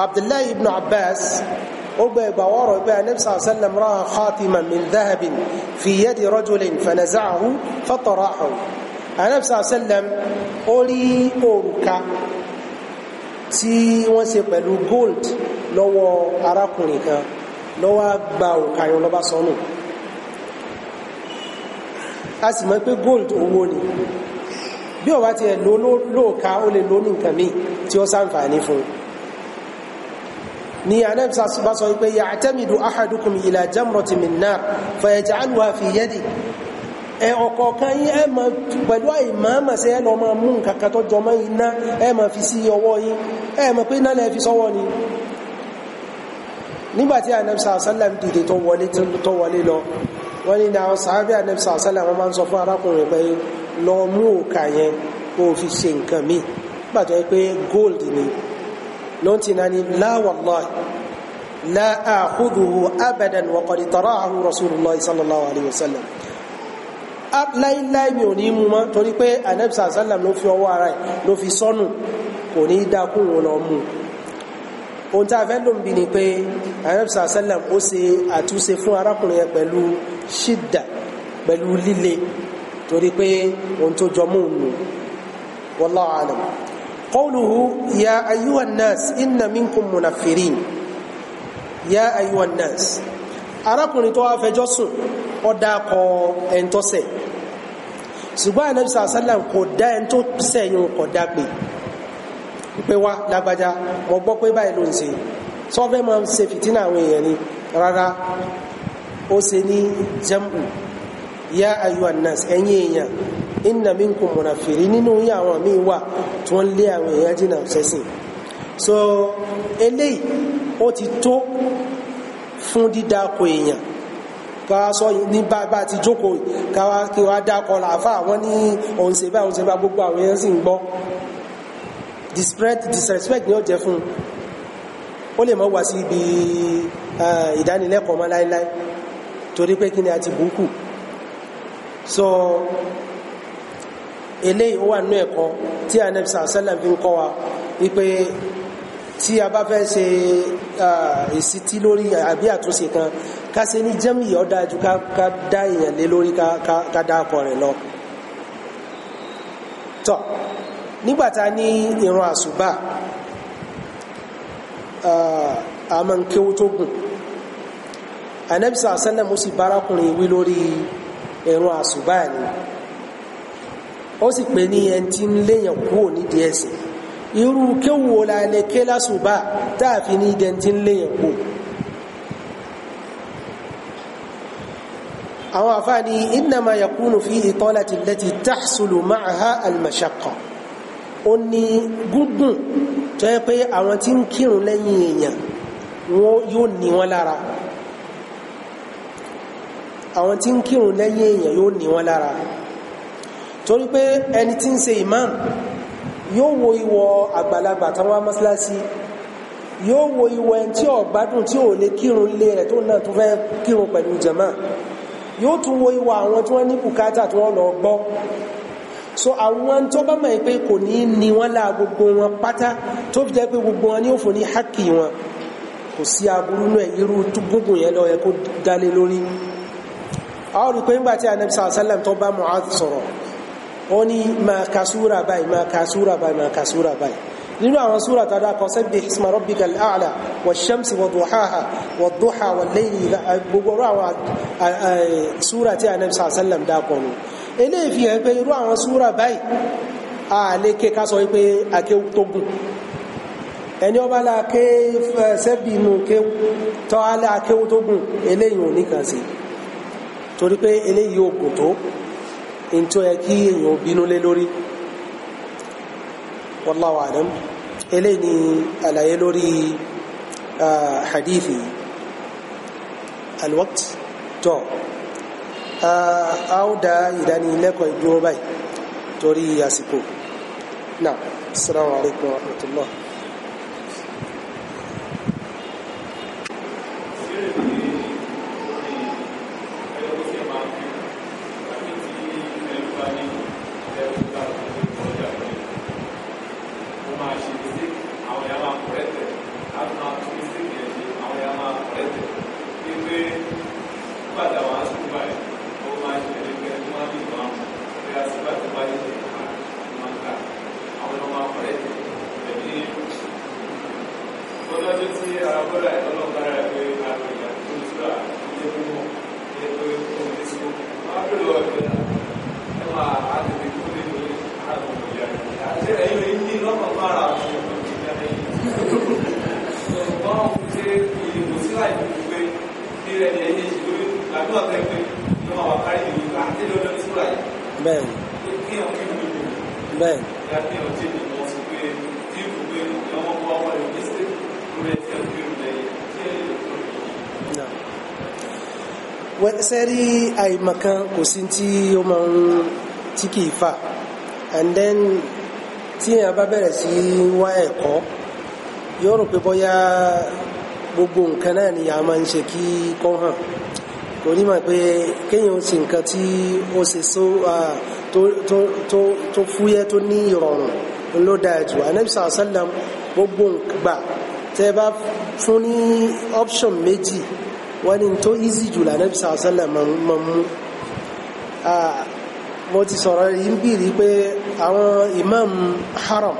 abdullahi ibn abbas أبا بوار أبا النبي سلم الله عليه رأى خاتما من ذهب في يد رجل فنزعه فطرحه النبي سلم الله أولي أوركا تي وانسي بلو لو أراكني لو أباو كان لو بصنو a sì mọ̀ pé gold owó ni bí ó bá tiẹ̀ lò lóòka ó lè lò ni anabisa bá sọ pé ya'tamidu ahadukum ila jamrati min nar fayaj'alha fi yadi ẹ ọ̀kọ̀ọ̀kan yín ẹ máa pẹ̀lú àìmọ̀ọ́mọ̀ sí ẹ lọ máa mú nǹkankan tó jọmọ́ iná ẹ máa fi sí ọwọ́ yín ẹ mọ̀ pé iná lẹ fi sọ́wọ́ ni nígbàtí anabisa sallam dìde tó wọlé tó wọlé lọ wọ́n ní àwọn sàábí anabisa sallam wọ́n máa ń sọ fún arákùnrin pé lọ mú òkà yẹn kó o fi ṣe nǹkan míì nígbàtí pé gold ni lọ́ntì náà ni la wallahi la akhuduhu abadan wa qad tara'ahu rasulullah sallallahu alayhi wa sallam láíláí mi ò ní mú mọ́ torí pé anabisa sallam ló fi ọwọ́ ara ẹ̀ ló fi sọ́nù kò ní dákún wọn lọ mú ohun tí a fẹ́ lòun bí ni pé anabisa sallam ó ṣe àtúnṣe fún arákùnrin yẹn torí pé ohun tó jọ mọ́ òun nù wallahu alam. قوله يا أيها الناس إن منكم منفرين يا أيها الناس arákùnrin tó wá fẹjọ́ sùn ó dákọ ẹni tó ṣẹ̀ ṣùgbọ́n ànábì sàásálàm kò dá ẹni tó ṣẹ̀ yun kò dá pé pé wá lágbájá mo gbọ́ pé báyìí ló ń ṣe sọ́fẹ́ máa ń ṣe fìtínà àwọn èèyàn ni rárá ó ṣe ní jẹ́mù ya ayyuhan nas ẹ̀yin èèyàn inna minkum munafiri nínú yí àwọn míì wà tí wọ́n lé àwọn èèyàn jìnnà sẹ́sìn so eléyìí ó ti tó fún dídáko èèyàn káwá sọ ní bá bá ti jókòó káwá kí wá dákọ làáfà wọn ní òun ṣe bá gbogbo àwọn èèyàn sì ń gbọ́ disrespect ni ó jẹ fún un ó lè mọ́ wá sí ibi ìdánilẹ́kọ̀ọ́ mọ́ láíláí torí pé kí ni a ti bùkù so eléyìí ó wà nínú ẹ̀kọ́ tí anabi sàlẹ̀ fi ń kọ́ wa wípé tí a bá fẹ́ ṣe ìsítí lórí àbí àtúnṣe kan ká ṣe ní jẹ́mì yọ̀ dájú ká dá èèyàn lé lórí ká dá ọkọ̀ rẹ̀ lọ. tọ́ nígbàtá ní ìrun àṣùbà àmọ́ tó gùn anabisa asálẹ̀ mo sì bárakùnrin wí lórí ìrun àṣùbà ni ó sì pè ní ẹni tí ń léyàn kúrò nídìí ẹ̀sìn irú kéwò la lè ké lásùbà tá a fi ní ẹni tí ń léyàn kúrò àwọn àfáàní innama yakunu fi italati allati tahsulu ma'aha al-mashaqqa ó ní gúngùn tó yẹ pé àwọn tí ń kírun lẹ́yìn èèyàn wọn yóò ní wọn lára àwọn tí ń kírun lẹ́yìn èèyàn yóò ní wọn lára torí pé ẹni tí ń ṣe imam yóò wo ìwọ àgbàlagbà táwọn amọ́síláṣí yóò wo ìwọ ẹni tí ò gbádùn tí ò lè kírun ilé rẹ̀ tó náà tó fẹ́ kírun pẹ̀lú jàmá yóò tún wo ìwọ àwọn tí wọ́n ní bùkátà tí wọ́n lọ gbọ́ so àwọn tó bá mọ̀ pé kò ní ní wọ́n lá gbogbo wọn pátá tó fi jẹ́ pé gbogbo wọn ní òfò ní hákì wọn kò sí aburú náà irú gbogbo yẹn lọ yẹ kó dálé lórí àwọn olùpẹ́ ńgbà tí anabi sallam tó bá Mu'adh sọ̀rọ̀ ó ní máa ka súra báyìí máa ka súra báyìí máa ka súra báyìí nínú àwọn súra tó dáa kọ sabbih isma rabbikal a'la wash-shamsi wa duhaha wa duha wal layli gbogbo irú àwọn súra tí anabi sàlẹ̀ dáa kọ nù eléyìí fi hàn pé irú àwọn súra báyìí a lè ké ká sọ wípé akéwù tó gùn ẹni ọba la ké sẹ́bì inú kéwù tọ́ alẹ́ akéwù tó gùn eléyìí ò ní kàn sí torí pé eléyìí ò gùn tó in tó yẹ kí èèyàn bínú lé lórí wallahu alam eléyìí ni àlàyé lórí ah, hadithi alwakt tó a ah, ó dá ìdánilẹ́kọ̀ọ́ ìdúró báyìí torí àsìkò náà assalamu alaikum wa rahmatullah. àìmọ̀kan kò sí tí ó máa ń tí kìí fà and then tí èèyàn bá bẹ̀rẹ̀ sí wá ẹ̀kọ́ yóò rò pé bóyá gbogbo nǹkan náà ni a máa ń ṣe kí kọ́ hàn kò ní mọ̀ pé kéèyàn ó ṣe nǹkan tí ó ṣe tó fúyẹ́ tó ní ìrọ̀rùn ló dáa jù Ànábì sallam gbogbo gbà tẹ́ bá fún ní option méjì wọ́n ní tó easy jù lànàbí sàásánlá ma mú mo ti sọ̀rọ̀ yìí ń pe pé imam haram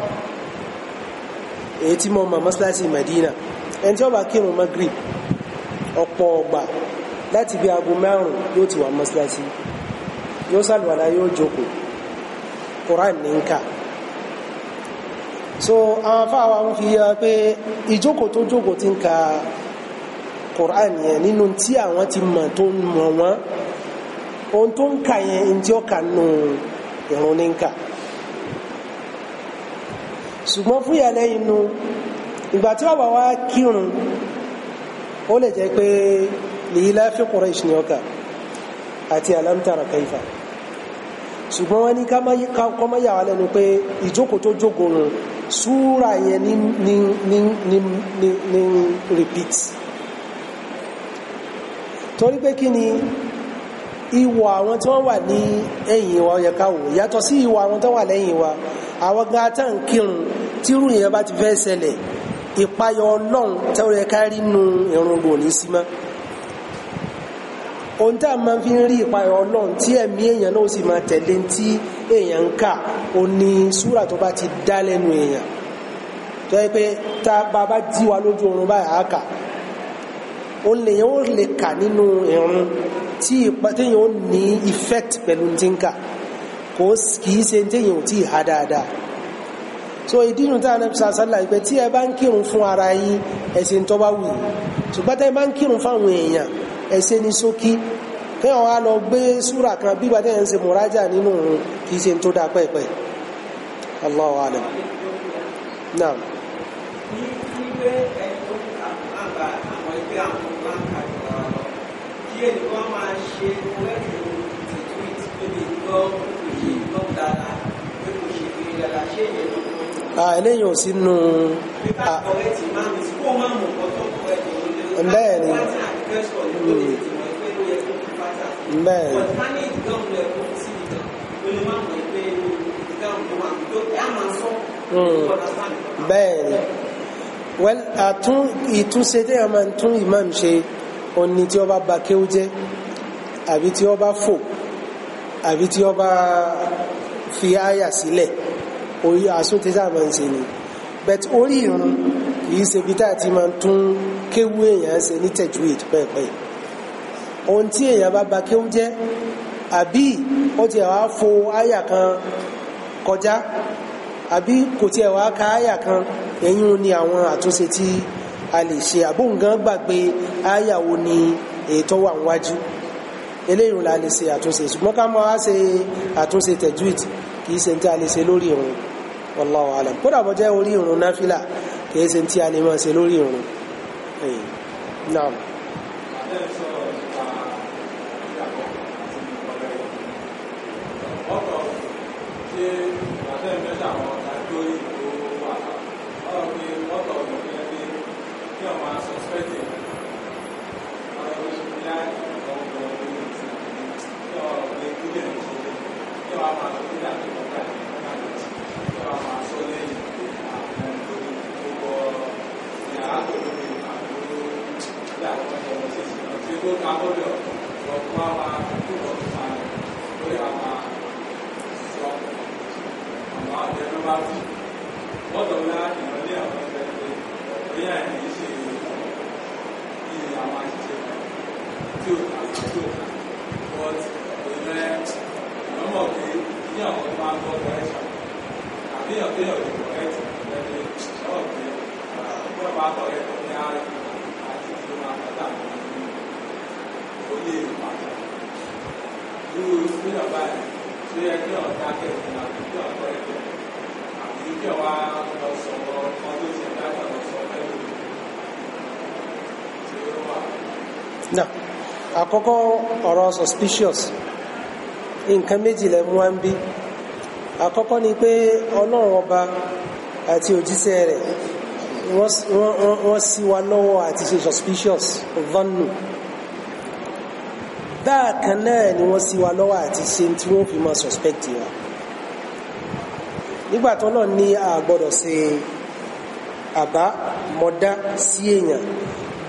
èyí tí mo mọ̀ mọ́sálásí Madina ẹni tí ó bá kírun Maghrib ọ̀pọ̀ ọgbà láti bí aago márùn yóò ti wà mọ́sálásí yóò sàlùwàlá yóò jókòó Quran ní ń so àwọn afáwa ń fi yẹ pé ìjókòó tó jókòó ti ń ka Qur'an yẹn nínú tí àwọn ti mọ̀ tó mọ̀ wọ́n ohun tó ń kà yẹn ń tí ó kà nù ìrún ní kà ṣùgbọ́n fún ìyàlẹ́ inú ìgbà tí ọba wa kírun ó lè jẹ́ pé lèyílá fi Quraysh ní ọkà àti alam kaifa ṣùgbọ́n wọ́n ní kọ́mọ́yà wà lẹ́nu pé ìjókòó tó jókòó rùn súúrà yẹn ní repeat torí pé kí ni ìwọ̀ àwọn tí wọ́n wà ní ẹ̀yìn wa yẹ ká wò yàtọ̀ sí ìwọ̀ àwọn tó wà lẹ́yìn wa àwọn gan tá ń kírun tírú yẹn bá ti fẹ́ ṣẹlẹ̀ ìpayọ ọlọ́run tẹ́wọ́ yẹ ká rí nu ìrun lò ní símá ohun tá a máa fi ń rí ìpayọ ọlọ́run tí ẹ̀mí èèyàn náà sì máa tẹ̀lé tí èèyàn ń kà ó ní súrà tó bá ti dá lẹ́nu èèyàn tó yẹ pé tá a bá jí wa lójú oorun báyìí á kà ó lè yẹn ó lè kà nínú irun tí ipa téèyàn ó ní effect pẹ̀lú tí ń kà kò kìí ṣe téèyàn ò tí ì dáadáa so ìdí inú tá a nẹ́ sá sálà ìgbẹ́ tí ẹ bá ń kírun fún ara yín ẹ̀sìn tó bá wù yín ṣùgbọ́n tẹ́ ẹ bá ń kírun fáwọn èèyàn ẹ̀sìn ní ṣókí kéèyàn wá lọ gbé súrà kan bí gbàtẹ́ ẹ̀ ń ṣe mùrájà nínú òun kì í ṣe tó dáa pẹ́ẹ́pẹ́ Allahu alam naam. kí ẹnìkan máa ṣe wẹ́ẹ̀dì tìtú ìtìlódì gbọ́ òye tó dára pé kò ṣe kiri dára ṣé ìyẹn ló kọ́. eléyìí ò sí nu. pípa kọ̀wẹ́tì máa ń kó máa mọ̀ ọ́ tó kọ̀ ẹ̀ tó ń lé. bẹ́ẹ̀ ni. bẹ́ẹ̀ ni. Hmm. bẹ́ẹ̀ ni. wẹ́l àtún ìtúnṣe tí a máa ń tún ìmáàmù ṣe oní tí ó bá ba kéwú jẹ́ àbí tí ó bá fò àbí tí ó fi àyà sílẹ̀ orí àsún tí sáà máa ń ṣe ni but orí ìrun kìí ṣe bí tá a ti máa tún kéwú èèyàn ṣe ní tajwid pẹ́ẹ́pẹ́ẹ́ ohun tí èèyàn bá ba kéwú jẹ́ àbí ó ti wá fò àyà kan kọjá àbí kò tiẹ̀ wá ka àyà kan ẹ̀yìn ni àwọn àtúnṣe tí a lè ṣe àbóǹgán gbà pé ni ètò wà níwájú eléyìí la lè ṣe àtúnṣe ṣùgbọ́n ká máa ṣe àtúnṣe tajwid kì í ṣe tí a lè ṣe lórí irun wallahu alam kódà bó orí irun náfìlà kì í ṣe tí a lè máa ṣe lórí irun naam. ṣe àtẹ̀mẹ́ta àkọ́kọ́ ọ̀rọ̀ suspicious nǹkan méjì lẹ mú wá ń bí àkọ́kọ́ ni pé ọlọ́run ọba àti òjíṣẹ́ rẹ̀ wọ́n ṣí wa lọ́wọ́ àti ṣe suspicious vannu bákan náà ni wọ́n ṣí wa lọ́wọ́ àti ṣe tí wọ́n fi máa suspect wa nígbà tó náà ní a gbọ́dọ̀ ṣe àbá mọ̀dá sí èèyàn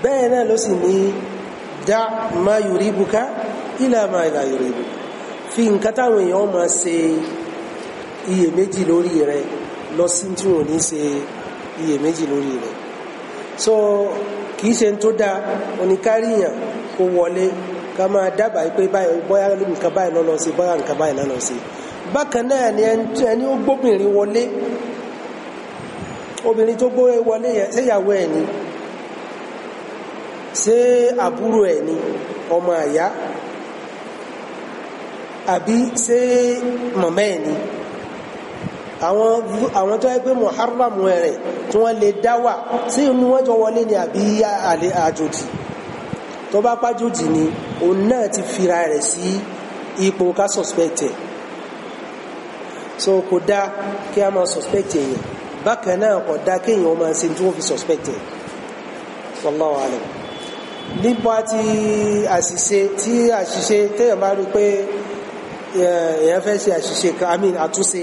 bẹ́ẹ̀ náà ló sì ní dá má yorí buka ilà má ilà yorí buka fi nǹkan táwọn èèyàn máa ṣe iyèméjì lórí rẹ lọ sí tí wọn ní ṣe iyèméjì lórí rẹ so kì í ṣe ń tó dáa oníkáríyàn kó wọlé ká máa dábàá pé bóyá nǹkan báyìí lọ́nà ṣe bóyá nǹkan báyìí lọ́nà ṣe bákan náà ni ẹni ó gbóbìnrin wọlé obìnrin tó gbóre wọlé yẹn ṣéyàwó ẹ̀ ni ṣé àbúrò ẹ̀ ni ọmọ àyá àbí ṣé màmá ẹ̀ ni àwọn àwọn tó yẹ pé muharram rẹ̀ tí wọ́n lè dá wà sí inú wọn jọ wọlé ni àbí àjòjì tó bá pàjòjì ni òun náà ti fira rẹ̀ sí ipò ká suspect ẹ̀ so kò dá kí a máa suspect èèyàn bákan náà kò dá kéèyàn máa ṣe tí wọ́n fi suspect ẹ̀ wallahu alam nípa ti àṣìṣe tí àṣìṣe téèyàn bá rí pé èèyàn fẹ́ ṣe àṣìṣe kan i mean àtúnṣe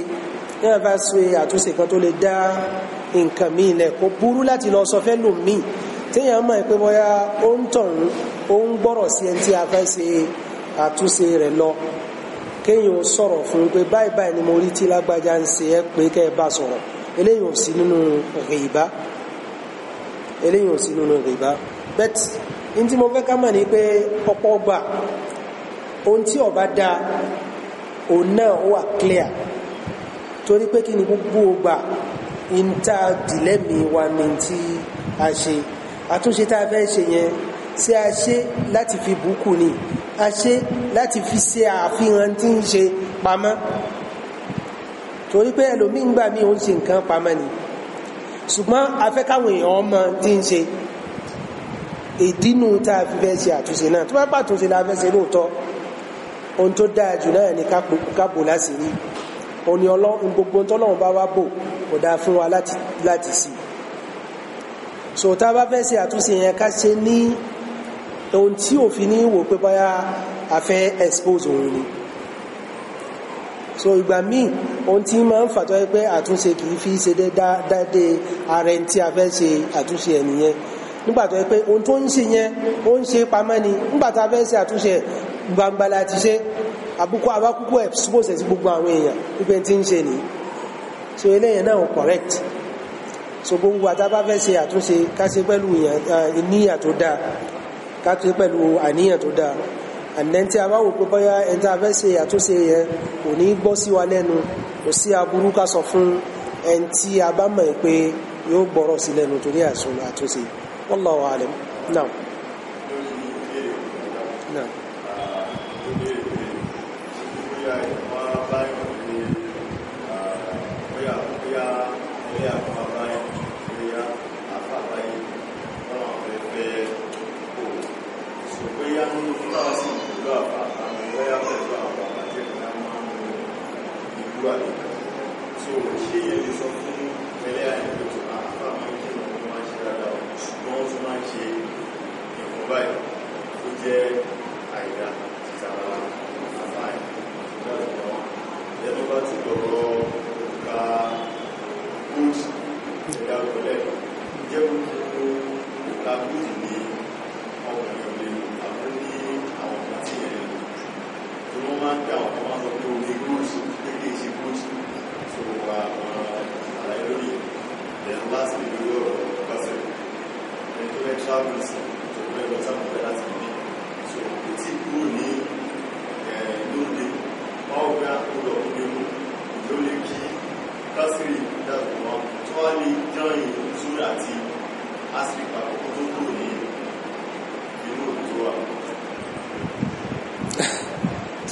téèyàn bá ṣe àtúnṣe kan tó lè dá nǹkan míì lẹ̀ kó burú láti lọ sọ fẹ́ lò míì téèyàn mọ̀ pé bóyá ó ń tọ̀hún ó ń gbọ́rọ̀ sí ẹni tí a fẹ́ ṣe àtúnṣe rẹ̀ lọ kéèyàn sọ̀rọ̀ fún un pé báyìí báyìí ni mo rí tí lágbájá ń ṣe ẹ́ pé kẹ́ ẹ bá sọ̀rọ̀ eléyìí ò sí nínú rìbá eléyìí ò sí nínú rìbá bẹ́ẹ̀ in tí mo fẹ́ ká mọ̀ ní pé ọ̀pọ̀ ọgbà ohun tí ọba da òun náà ó wà clear torí pé kí ni gbogbo ọgbà in dìlẹ́mì wa ní tí a ṣe àtúnṣe tá a fẹ́ ṣe yẹn ṣé a ṣe láti fi bùkù ni a ṣe láti fi ṣe àfihàn tí ń ṣe pamọ́ torí pé ẹlòmíín gbà mí ń ṣe nǹkan pamọ́ ni ṣùgbọ́n a fẹ́ káwọn èèyàn ọmọ tí ń ṣe ìdínú tá a fi fẹ́ ṣe àtúnṣe náà tó bá pàtúnṣe la fẹ́ ṣe lóòótọ́ ohun tó dáa jù náà ni kábò láṣìírí òun ni ọlọ́run gbogbo tọ́lọ́run bá wá bò kò dáa fún wa láti sí so tá a bá fẹ́ ṣe àtúnṣe yẹn ká ṣe ní ohun tí òfin ní wò pé báyà a expose òun ni so ìgbà míì ohun tí máa ń fàtọ́ pé àtúnṣe kì í fi ṣe déédéé ara ẹni tí a fẹ́ ṣe àtúnṣe ẹ̀ nìyẹn nígbà tó yẹ pé ohun tó ń ṣe yẹn ó ń ṣe pamọ́ ni nígbà tá a fẹ́ ṣe àtúnṣe gbangba la ti ṣe àbúkọ abákúkú ẹ̀ sí gbogbo àwọn èèyàn wípé ti ń ṣe nìyí so eléyẹn náà ò correct so gbogbo àtàbá fẹ́ ṣe àtúnṣe ká ṣe pẹ̀lú ìníyàn tó dáa ká ṣe pẹ̀lú àníyàn tó dáa ànẹ́ tí a bá wò pé bóyá ẹni tí a fẹ́ ṣe àtúnṣe yẹn kò ní yóò gbọ́rọ̀ sí lẹ́nu torí àtúnṣe. والله أعلم نعم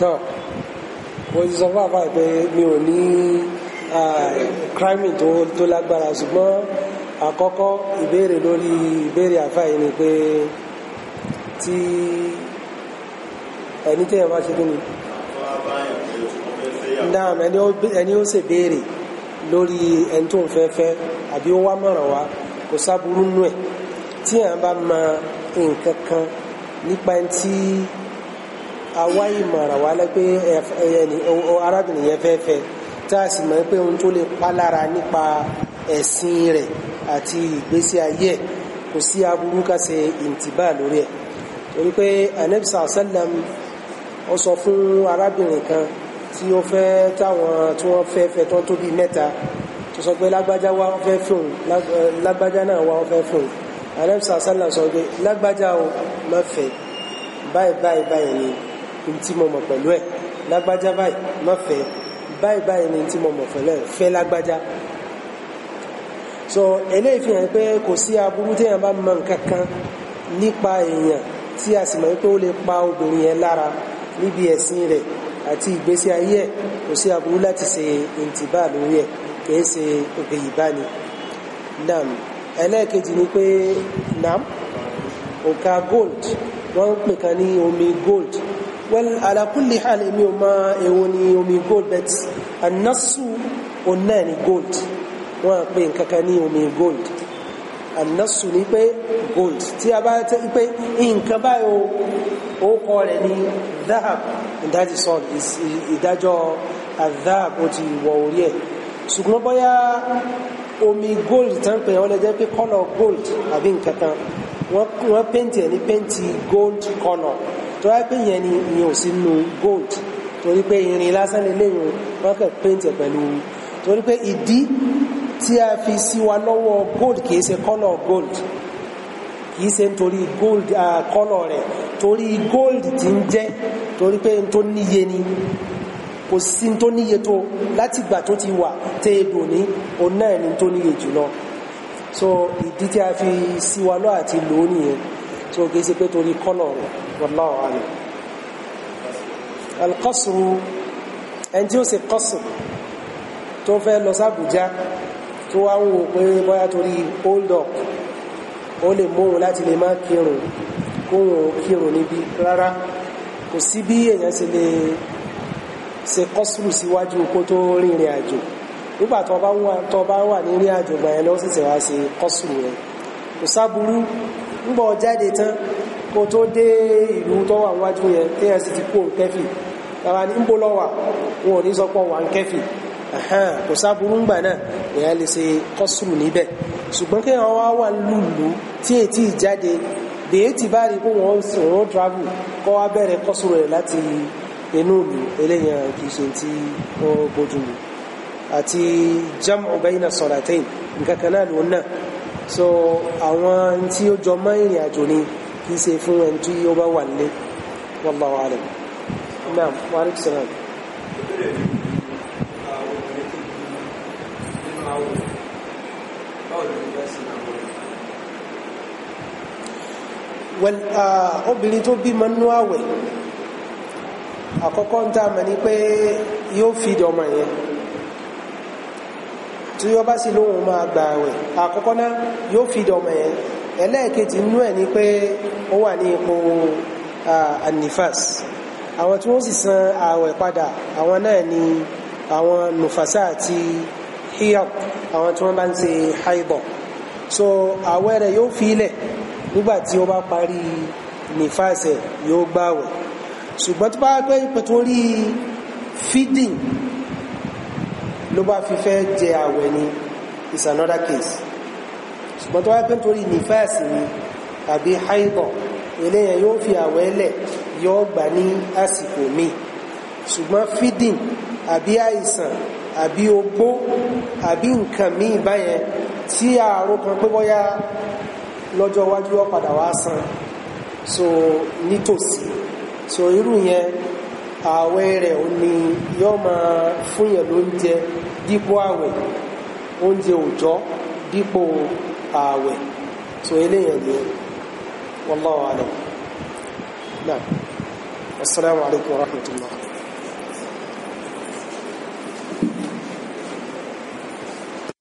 náà wọ́n ti sọ fún àfáà pé mi ò ní crime tó tó lágbára ṣùgbọ́n àkọ́kọ́ ìbéèrè lórí ìbéèrè àfáà yìí ni pé tí ẹni tí ẹ bá ṣe kí ni naam ẹni ó ṣe béèrè lórí ẹni tó ń fẹ́ fẹ́ àbí ó wá mọ̀ràn wá kò sábúrú nú ẹ̀ tí ẹ̀ bá ma nǹkan kan nípa ẹni tí àwa ìmọ̀ràn wa lẹ́ pé arábìnrin yẹn fẹ́ fẹ́ tá a sì mọ̀ pé ohun tó lè pa lára nípa ẹ̀sìn rẹ̀ àti ìgbésí ayé ẹ̀ kò sí aburú ká ṣe ìntìbá lórí ẹ̀ torí pé anabi sàlám ó sọ fún arábìnrin kan tí ó fẹ́ táwọn tí wọ́n fẹ́ fẹ́ tán tó bíi mẹ́ta tó sọ pé lágbájá wá wọ́n fẹ́ fún un lágbájá náà wá wọ́n fẹ́ fún un anabi sàlám sọ pé lágbájá o má fẹ́ báyìí báyìí báyìí ni ntí mo mọ̀ pẹ̀lú ẹ̀ lágbájá báyìí má fẹ́ báyìí báyìí ni ntí mo mọ̀ pẹ̀lú ẹ̀ fẹ́ lágbájá so eléyìí fi hàn pé kò sí aburú téèyàn bá mọ̀ nǹkan kan nípa èèyàn tí a sì mọ̀ wípé ó lè pa obìnrin yẹn lára níbi ẹ̀sìn rẹ̀ àti ìgbésí ayé ẹ̀ kò sí aburú láti ṣe ìntìbá lórí ẹ̀ kìí ṣe òkè ìbáni nam ẹlẹ́ẹ̀kejì ni pé nam òkà gold wọ́n ń pè kan ní omi gold well ala kulli hal èmi ò mọ èwo ni omi gold bet anasu ọ̀nà ni gold wọ́n pè nǹkan kan ní omi gold anasu ni pé gold tí a bá tẹ́ pé nǹkan báyìí ó kọ́ rẹ̀ ní dhahab that is all ìdájọ́ adhahab ó ti wọ orí ẹ̀ ṣùgbọ́n bóyá omi gold tán pè wọ́n lè jẹ́ pé colour gold àbí nǹkan wọ́n pẹ́ntì ẹ̀ ní pẹ́ntì gold colour tó wá pé yẹn ni ìyẹn ò sí nu gold torí pé irin lásán lélẹ́yìn wọ́n kàn paint pẹ̀lú torí pé ìdí tí a fi sí wa lọ́wọ́ gold kìí ṣe kọ́lọ̀ gold kìí ṣe nítorí gold kọ́lọ̀ rẹ̀ torí gold ti ń jẹ́ torí pé n tó níye ni kò sí n tó níye tó láti ìgbà tó ti wà tẹ́ ebò ní òun náà ni tó níye jùlọ so ìdí tí a fi sí wa lọ́wọ́ àti lò ó nìyẹn tí ó gẹ́sí pé torí kọ́lọ̀ rẹ̀ wallahu alim alkọ́sùrù ẹni tí ó ṣe kọ́sùrù tó fẹ́ lọ sábùjá tó wá ń wò pé bóyá torí hold up ó lè móhun láti lè má kírun kóhun kírun níbi rárá kò sí bí èèyàn ṣe lè ṣe kọ́sùrù síwájú kó tó rìnrìn àjò nígbà tó bá wà ní rìn àjò gbà yẹn lọ́wọ́ sì ṣe wá ṣe kọ́sùrù rẹ̀ kò sáburú ń bọ̀ jáde tán kó tó dé ìlú tó wà wájú yẹn tí ẹ sì ti kó kẹfì tàbí ní ń bó wà wọn ò ní sọ pọ̀ wà nkẹ́fì kò sáburú ńgbà náà èèyàn lè ṣe kọ́sùrù níbẹ̀ ṣùgbọ́n kí wọ́n wá wà lùlù tí ètí ìjáde ti bá rí travel kọ́ wá bẹ̀rẹ̀ kọ́sùrù rẹ̀ láti inú ìlú eléyàn kì í ṣe bójú mi àti jam sọ̀rọ̀ so àwọn tí ó jọ mọ́ ìrìn àjò ni kì í ṣe fún ẹni tí ó bá wà nílé wallahu alam naam wa alaykum salaam. wẹ́n uh, obìnrin tó bímọ nínú àwẹ̀ àkọ́kọ́ ń tà mọ̀ ní pé yóò fi dọ̀mọ̀ yẹn tí wọ́n bá sì lóhun máa gba àwẹ̀ àkọ́kọ́ náà yóò fi dọ̀mọ̀ ẹ̀ ẹlẹ́ẹ̀kejì inú ẹ̀ ni pé ó wà ní ipò anifas àwọn tí wọ́n sì san àwẹ̀ padà àwọn náà ni àwọn nufasa àti hiyab àwọn tí wọ́n bá ń ṣe haibọ̀ so àwẹ̀ rẹ̀ yóò fi ilẹ̀ nígbà tí ó bá parí nifas ẹ̀ yóò gbàwẹ̀ ṣùgbọ́n tó bá pẹ́ pẹ̀tọ́rí feeding ló bá fi fẹ́ jẹ àwẹ̀ ni is another case ṣùgbọ́n tó wá pé nítorí nífàsì ni àbí haibọ̀ eléyàn yóò fi àwẹ̀ lẹ̀ yóò gbà ní àsìkò míì ṣùgbọ́n feeding àbí àìsàn àbí ogbó àbí nǹkan míì báyẹn tí ààrùn kan pé bóyá lọ́jọ́ iwájú ó wá san so nítòsí so irú yẹn ààwẹ̀ rẹ̀ yoma ní yọ́ máa awe lóúnjẹ dípò ààwẹ̀ oúnjẹ òòjọ́ dípò ààwẹ̀ wallahu alam assalamu